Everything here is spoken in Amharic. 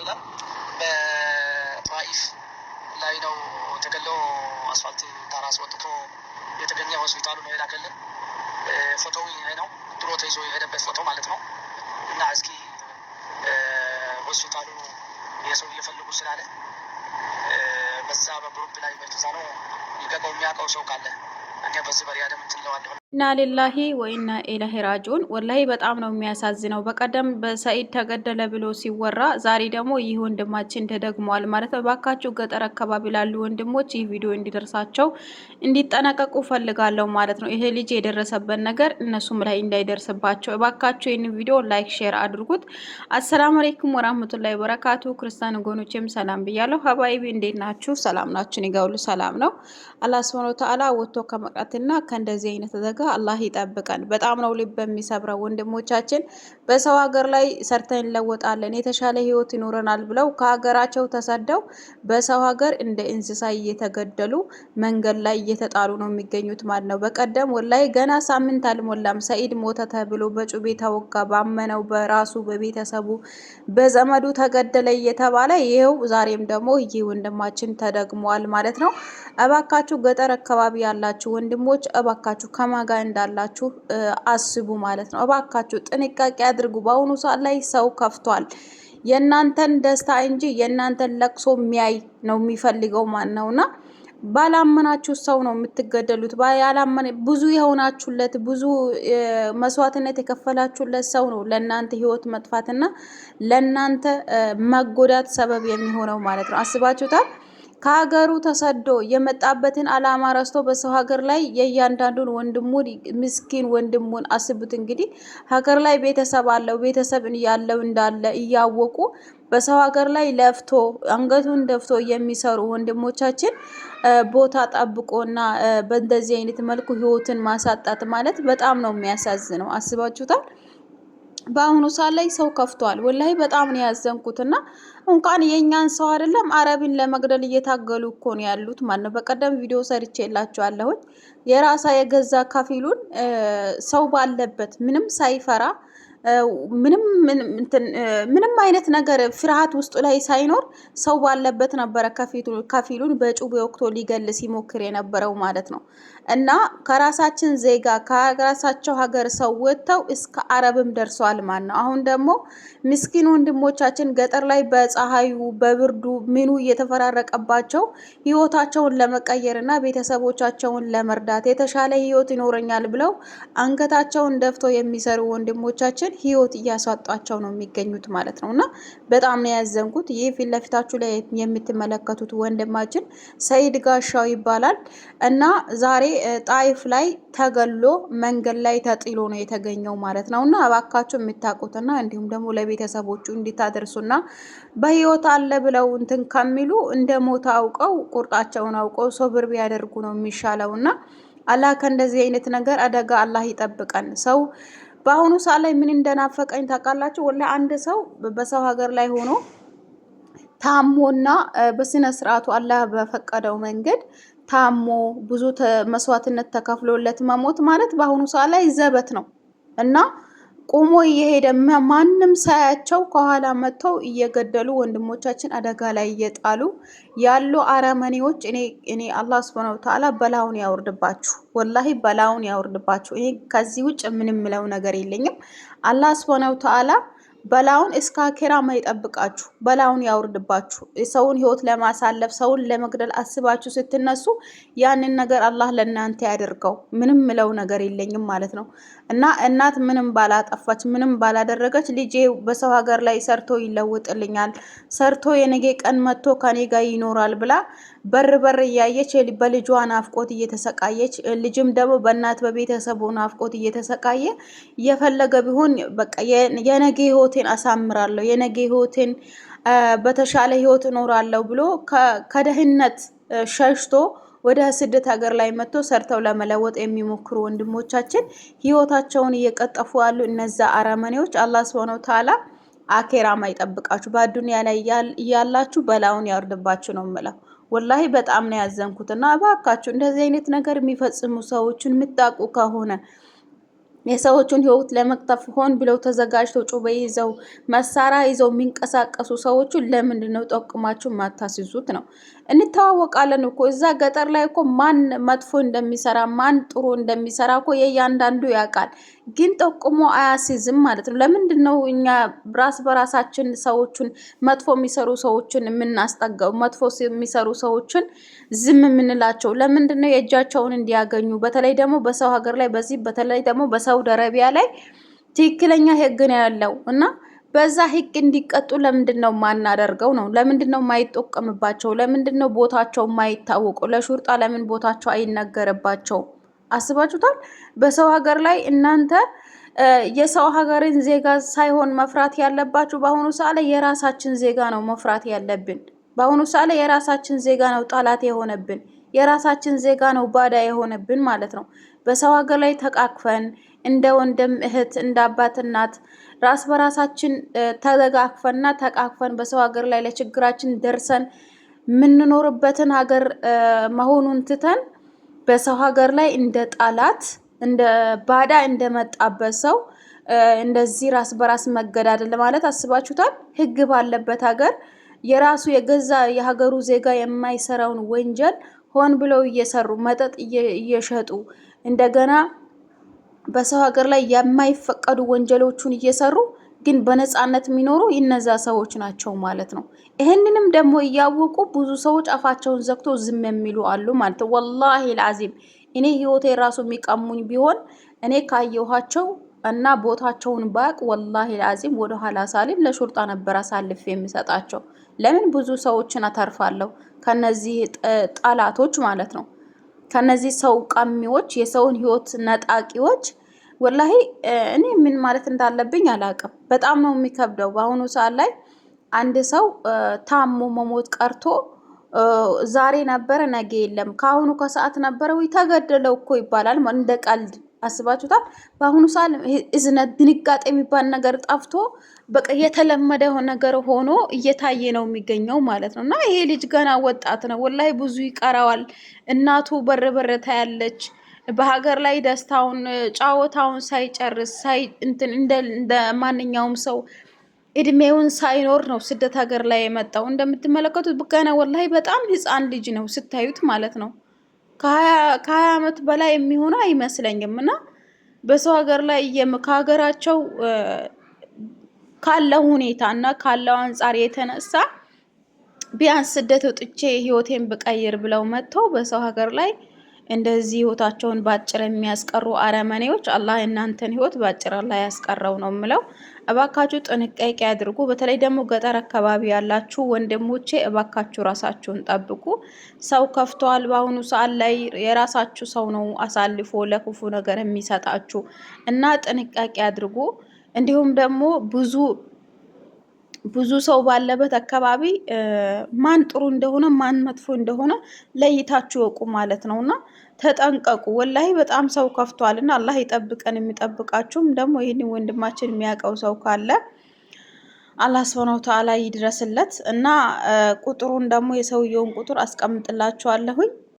ሜዳ በጣኢፍ ላይ ነው ተገሎ አስፋልት ዳር አስወጥቶ የተገኘ ሆስፒታሉ ነው የላከልን ፎቶ ይሄ ነው። ድሮ ተይዞ የሄደበት ፎቶ ማለት ነው። እና እስኪ ሆስፒታሉ የሰው እየፈልጉ ስላለ በዛ በግሩፕ ላይ በዛ ነው የሚያውቀው ሰው ካለ እኔ በዚህ በሪያደም ትለዋለሁ። እና ሌላሂ ወይና ኢላሂ ራጂዑን። ወላሂ በጣም ነው የሚያሳዝነው። በቀደም በሰኢድ ተገደለ ብሎ ሲወራ ዛሬ ደግሞ ይህ ወንድማችን ተደግሟል ማለት ነው። ባካችሁ ገጠር አካባቢ ላሉ ወንድሞች ይህ ቪዲዮ እንዲደርሳቸው እንዲጠነቀቁ ፈልጋለሁ ማለት ነው። ይሄ ልጅ የደረሰበት ነገር እነሱም ላይ እንዳይደርስባቸው ባካችሁ ይህን ቪዲዮ ላይክ፣ ሼር አድርጉት። አሰላሙ አለይኩም ወራህመቱላሂ ወበረካቱ። ክርስቲያን ጎኖቼም ሰላም ብያለሁ። ሀባይቢ እንዴት ናችሁ? ሰላም ናችሁን? ይገውሉ ሰላም ነው። አላህ ሱብሃነሁ ወተዓላ ወጥቶ ከመቅረትና ከእንደዚህ አይነት አደጋ አላህ ይጠብቀን። በጣም ነው ልብ የሚሰብረው ወንድሞቻችን በሰው ሀገር ላይ ሰርተን እንለወጣለን የተሻለ ህይወት ይኖረናል ብለው ከሀገራቸው ተሰደው በሰው ሀገር እንደ እንስሳ እየተገደሉ መንገድ ላይ እየተጣሉ ነው የሚገኙት ማለት ነው። በቀደም ወላይ ገና ሳምንት አልሞላም ሰኢድ ሞተ ተብሎ በጩቤ ተወጋ፣ ባመነው በራሱ በቤተሰቡ በዘመዱ ተገደለ እየተባለ ይኸው ዛሬም ደግሞ ይህ ወንድማችን ተደግሟል ማለት ነው። እባካችሁ ገጠር አካባቢ ያላችሁ ወንድሞች እባካችሁ ከማ ጋር እንዳላችሁ አስቡ ማለት ነው። እባካችሁ ጥንቃቄ አድርጉ። በአሁኑ ሰዓት ላይ ሰው ከፍቷል። የእናንተን ደስታ እንጂ የእናንተን ለቅሶ የሚያይ ነው የሚፈልገው ማን ነውና ባላመናችሁ ሰው ነው የምትገደሉት። ባላመነ ብዙ የሆናችሁለት ብዙ መስዋዕትነት የከፈላችሁለት ሰው ነው ለእናንተ ህይወት መጥፋትና ለእናንተ መጎዳት ሰበብ የሚሆነው ማለት ነው። አስባችሁታል? ከሀገሩ ተሰዶ የመጣበትን ዓላማ ረስቶ በሰው ሀገር ላይ የእያንዳንዱን ወንድሙን ምስኪን ወንድሙን አስቡት እንግዲህ ሀገር ላይ ቤተሰብ አለው ቤተሰብ ያለው እንዳለ እያወቁ በሰው ሀገር ላይ ለፍቶ አንገቱን ደፍቶ የሚሰሩ ወንድሞቻችን ቦታ ጠብቆና በእንደዚህ አይነት መልኩ ህይወትን ማሳጣት ማለት በጣም ነው የሚያሳዝነው። አስባችሁታል? በአሁኑ ሰዓት ላይ ሰው ከፍቷል። ወላሂ በጣም ነው ያዘንኩት እና እንኳን የእኛን ሰው አይደለም አረብን ለመግደል እየታገሉ እኮ ነው ያሉት። ማነው በቀደም ቪዲዮ ሰርቼ የላቸዋለሁኝ የራሳ የገዛ ከፊሉን ሰው ባለበት ምንም ሳይፈራ ምንም ምንም አይነት ነገር ፍርሃት ውስጡ ላይ ሳይኖር ሰው ባለበት ነበረ ከፊሉን በጩቤ ወቅቶ ሊገል ሲሞክር የነበረው ማለት ነው። እና ከራሳችን ዜጋ ከራሳቸው ሀገር ሰው ወጥተው እስከ አረብም ደርሷል ማለት ነው። አሁን ደግሞ ምስኪን ወንድሞቻችን ገጠር ላይ በፀሐዩ በብርዱ ምኑ እየተፈራረቀባቸው ህይወታቸውን ለመቀየር እና ቤተሰቦቻቸውን ለመርዳት የተሻለ ህይወት ይኖረኛል ብለው አንገታቸውን ደፍተው የሚሰሩ ወንድሞቻችን ህይወት እያሳጧቸው ነው የሚገኙት ማለት ነው እና በጣም ነው ያዘንኩት። ይህ ፊት ለፊታችሁ ላይ የምትመለከቱት ወንድማችን ሰይድ ጋሻው ይባላል እና ዛሬ ጣይፍ ላይ ተገሎ መንገድ ላይ ተጥሎ ነው የተገኘው ማለት ነው። እና እባካችሁ የምታውቁትና እንዲሁም ደግሞ ለቤተሰቦቹ እንዲታደርሱና በህይወት አለ ብለው እንትን ከሚሉ እንደ ሞተ አውቀው ቁርጣቸውን አውቀው ሶብር ቢያደርጉ ነው የሚሻለው። እና አላህ ከእንደዚህ አይነት ነገር አደጋ አላህ ይጠብቀን። ሰው በአሁኑ ሰዓት ላይ ምን እንደናፈቀኝ ታውቃላችሁ? ወላሂ አንድ ሰው በሰው ሀገር ላይ ሆኖ ታሞና በስነ ስርዓቱ አላህ በፈቀደው መንገድ ታሞ ብዙ መስዋዕትነት ተከፍሎለት መሞት ማለት በአሁኑ ሰዓት ላይ ዘበት ነው እና ቆሞ እየሄደ ማንም ሳያቸው ከኋላ መጥተው እየገደሉ ወንድሞቻችን አደጋ ላይ እየጣሉ ያሉ አረመኔዎች እኔ እኔ አላህ ሱብሃነሁ ወተዓላ በላውን ያወርድባችሁ፣ ወላሂ በላውን ያወርድባችሁ። ይሄ ከዚህ ውጭ ምንም ምለው ነገር የለኝም። አላህ ሱብሃነሁ ወተዓላ በላውን እስከ አኬራማ ይጠብቃችሁ፣ በላውን ያውርድባችሁ። የሰውን ህይወት ለማሳለፍ ሰውን ለመግደል አስባችሁ ስትነሱ ያንን ነገር አላህ ለእናንተ ያደርገው። ምንም ምለው ነገር የለኝም ማለት ነው። እና እናት ምንም ባላጠፋች ምንም ባላደረገች ልጄ በሰው ሀገር ላይ ሰርቶ ይለውጥልኛል፣ ሰርቶ የነገ ቀን መጥቶ ከኔ ጋር ይኖራል ብላ በር በር እያየች በልጇ ናፍቆት እየተሰቃየች ልጅም ደግሞ በእናት በቤተሰቡ ናፍቆት እየተሰቃየ የፈለገ ቢሆን በቃ የነገ ህይወት ህይወቴን አሳምራለሁ፣ የነገ ህይወቴን በተሻለ ህይወት እኖራለሁ ብሎ ከደህንነት ሸሽቶ ወደ ስደት ሀገር ላይ መጥቶ ሰርተው ለመለወጥ የሚሞክሩ ወንድሞቻችን ህይወታቸውን እየቀጠፉ ያሉ እነዛ አረመኔዎች አላህ ስብሐነ ወተዓላ አኬራማ ይጠብቃችሁ። በአዱንያ ላይ እያላችሁ በላውን ያወርድባችሁ ነው የምለው። ወላሂ በጣም ነው ያዘንኩት እና እባካችሁ እንደዚህ አይነት ነገር የሚፈጽሙ ሰዎችን የምታውቁ ከሆነ የሰዎቹን ህይወት ለመቅጠፍ ሆን ብለው ተዘጋጅተው ጩቤ ይዘው መሳሪያ ይዘው የሚንቀሳቀሱ ሰዎቹ ለምንድን ነው ጠቁማችሁ ማታስይዙት ነው? እንተዋወቃለን እኮ እዛ ገጠር ላይ እኮ ማን መጥፎ እንደሚሰራ ማን ጥሩ እንደሚሰራ እኮ የእያንዳንዱ ያውቃል። ግን ጠቁሞ አያስይዝም ማለት ነው። ለምንድን ነው እኛ ራስ በራሳችን ሰዎችን መጥፎ የሚሰሩ ሰዎችን የምናስጠጋው? መጥፎ የሚሰሩ ሰዎችን ዝም የምንላቸው ለምንድን ነው? የእጃቸውን እንዲያገኙ በተለይ ደግሞ በሰው ሀገር ላይ በዚህ በተለይ ደግሞ በሳውዲ አረቢያ ላይ ትክክለኛ ህግ ነው ያለው እና በዛ ህግ እንዲቀጡ ለምንድን ነው ነው ለምንድን ነው ለምንድነው ለምንድን ነው ቦታቸው ማይታወቀው ለሹርጣ ለምን ቦታቸው አይነገርባቸውም? አስባችሁታል? በሰው ሀገር ላይ እናንተ የሰው ሀገርን ዜጋ ሳይሆን መፍራት ያለባችሁ በአሁኑ ሰዓት ላይ የራሳችን ዜጋ ነው መፍራት ያለብን። በአሁኑ ሰዓት ላይ የራሳችን ዜጋ ነው ጠላት የሆነብን፣ የራሳችን ዜጋ ነው ባዳ የሆነብን ማለት ነው። በሰው ሀገር ላይ ተቃቅፈን እንደ ወንድም እህት፣ እንደ አባት እናት ራስ በራሳችን ተደጋግፈንና ተቃቅፈን በሰው ሀገር ላይ ለችግራችን ደርሰን የምንኖርበትን ሀገር መሆኑን ትተን በሰው ሀገር ላይ እንደ ጠላት እንደ ባዳ እንደመጣበት ሰው እንደዚህ ራስ በራስ መገዳደል ማለት አስባችሁታል? ህግ ባለበት ሀገር የራሱ የገዛ የሀገሩ ዜጋ የማይሰራውን ወንጀል ሆን ብለው እየሰሩ መጠጥ እየሸጡ እንደገና በሰው ሀገር ላይ የማይፈቀዱ ወንጀሎቹን እየሰሩ ግን በነፃነት የሚኖሩ እነዛ ሰዎች ናቸው ማለት ነው። ይህንንም ደግሞ እያወቁ ብዙ ሰዎች አፋቸውን ዘግቶ ዝም የሚሉ አሉ ማለት ነው። ወላሂ ልአዚም እኔ ህይወቴ ራሱ የሚቀሙኝ ቢሆን እኔ ካየኋቸው እና ቦታቸውን ባቅ ወላሂ ልአዚም ወደ ኋላ ሳሊም ለሹርጣ ነበር አሳልፌ የሚሰጣቸው። ለምን ብዙ ሰዎችን አተርፋለሁ ከነዚህ ጠላቶች ማለት ነው። ከነዚህ ሰው ቀሚዎች፣ የሰውን ህይወት ነጣቂዎች ወላሂ እኔ ምን ማለት እንዳለብኝ አላውቅም። በጣም ነው የሚከብደው። በአሁኑ ሰዓት ላይ አንድ ሰው ታሞ መሞት ቀርቶ ዛሬ ነበረ ነገ የለም፣ ከአሁኑ ከሰዓት ነበረ ወይ ተገደለው እኮ ይባላል። እንደ ቀልድ አስባችሁታል? በአሁኑ ሰዓት እዝነት ድንጋጤ የሚባል ነገር ጠፍቶ በቃ የተለመደ ነገር ሆኖ እየታየ ነው የሚገኘው ማለት ነው። እና ይሄ ልጅ ገና ወጣት ነው፣ ወላሂ ብዙ ይቀረዋል። እናቱ በርበረታ ያለች በሀገር ላይ ደስታውን ጫወታውን ሳይጨርስ ሳይ እንትን እንደ ማንኛውም ሰው እድሜውን ሳይኖር ነው ስደት ሀገር ላይ የመጣው። እንደምትመለከቱት ብጋና ወላሂ በጣም ህፃን ልጅ ነው ስታዩት ማለት ነው። ከሀያ ዓመት በላይ የሚሆኑ አይመስለኝም። እና በሰው ሀገር ላይ ከሀገራቸው ካለው ሁኔታ እና ካለው አንጻር የተነሳ ቢያንስ ስደት ወጥቼ ህይወቴን ብቀይር ብለው መጥተው በሰው ሀገር ላይ እንደዚህ ህይወታቸውን ባጭር የሚያስቀሩ አረመኔዎች አላህ እናንተን ህይወት ባጭር ላይ ያስቀረው ነው የምለው። እባካችሁ ጥንቃቄ አድርጉ። በተለይ ደግሞ ገጠር አካባቢ ያላችሁ ወንድሞቼ እባካችሁ ራሳችሁን ጠብቁ። ሰው ከፍተዋል። በአሁኑ ሰዓት ላይ የራሳችሁ ሰው ነው አሳልፎ ለክፉ ነገር የሚሰጣችሁ እና ጥንቃቄ አድርጉ። እንዲሁም ደግሞ ብዙ ብዙ ሰው ባለበት አካባቢ ማን ጥሩ እንደሆነ ማን መጥፎ እንደሆነ ለይታችሁ እወቁ ማለት ነው እና ተጠንቀቁ። ወላሂ በጣም ሰው ከፍቷል እና አላህ ይጠብቀን። የሚጠብቃችሁም ደግሞ ይህን ወንድማችን የሚያውቀው ሰው ካለ አላህ ስብሐ ወተዓላ ይድረስለት እና ቁጥሩን ደግሞ የሰውየውን ቁጥር አስቀምጥላችኋለሁኝ።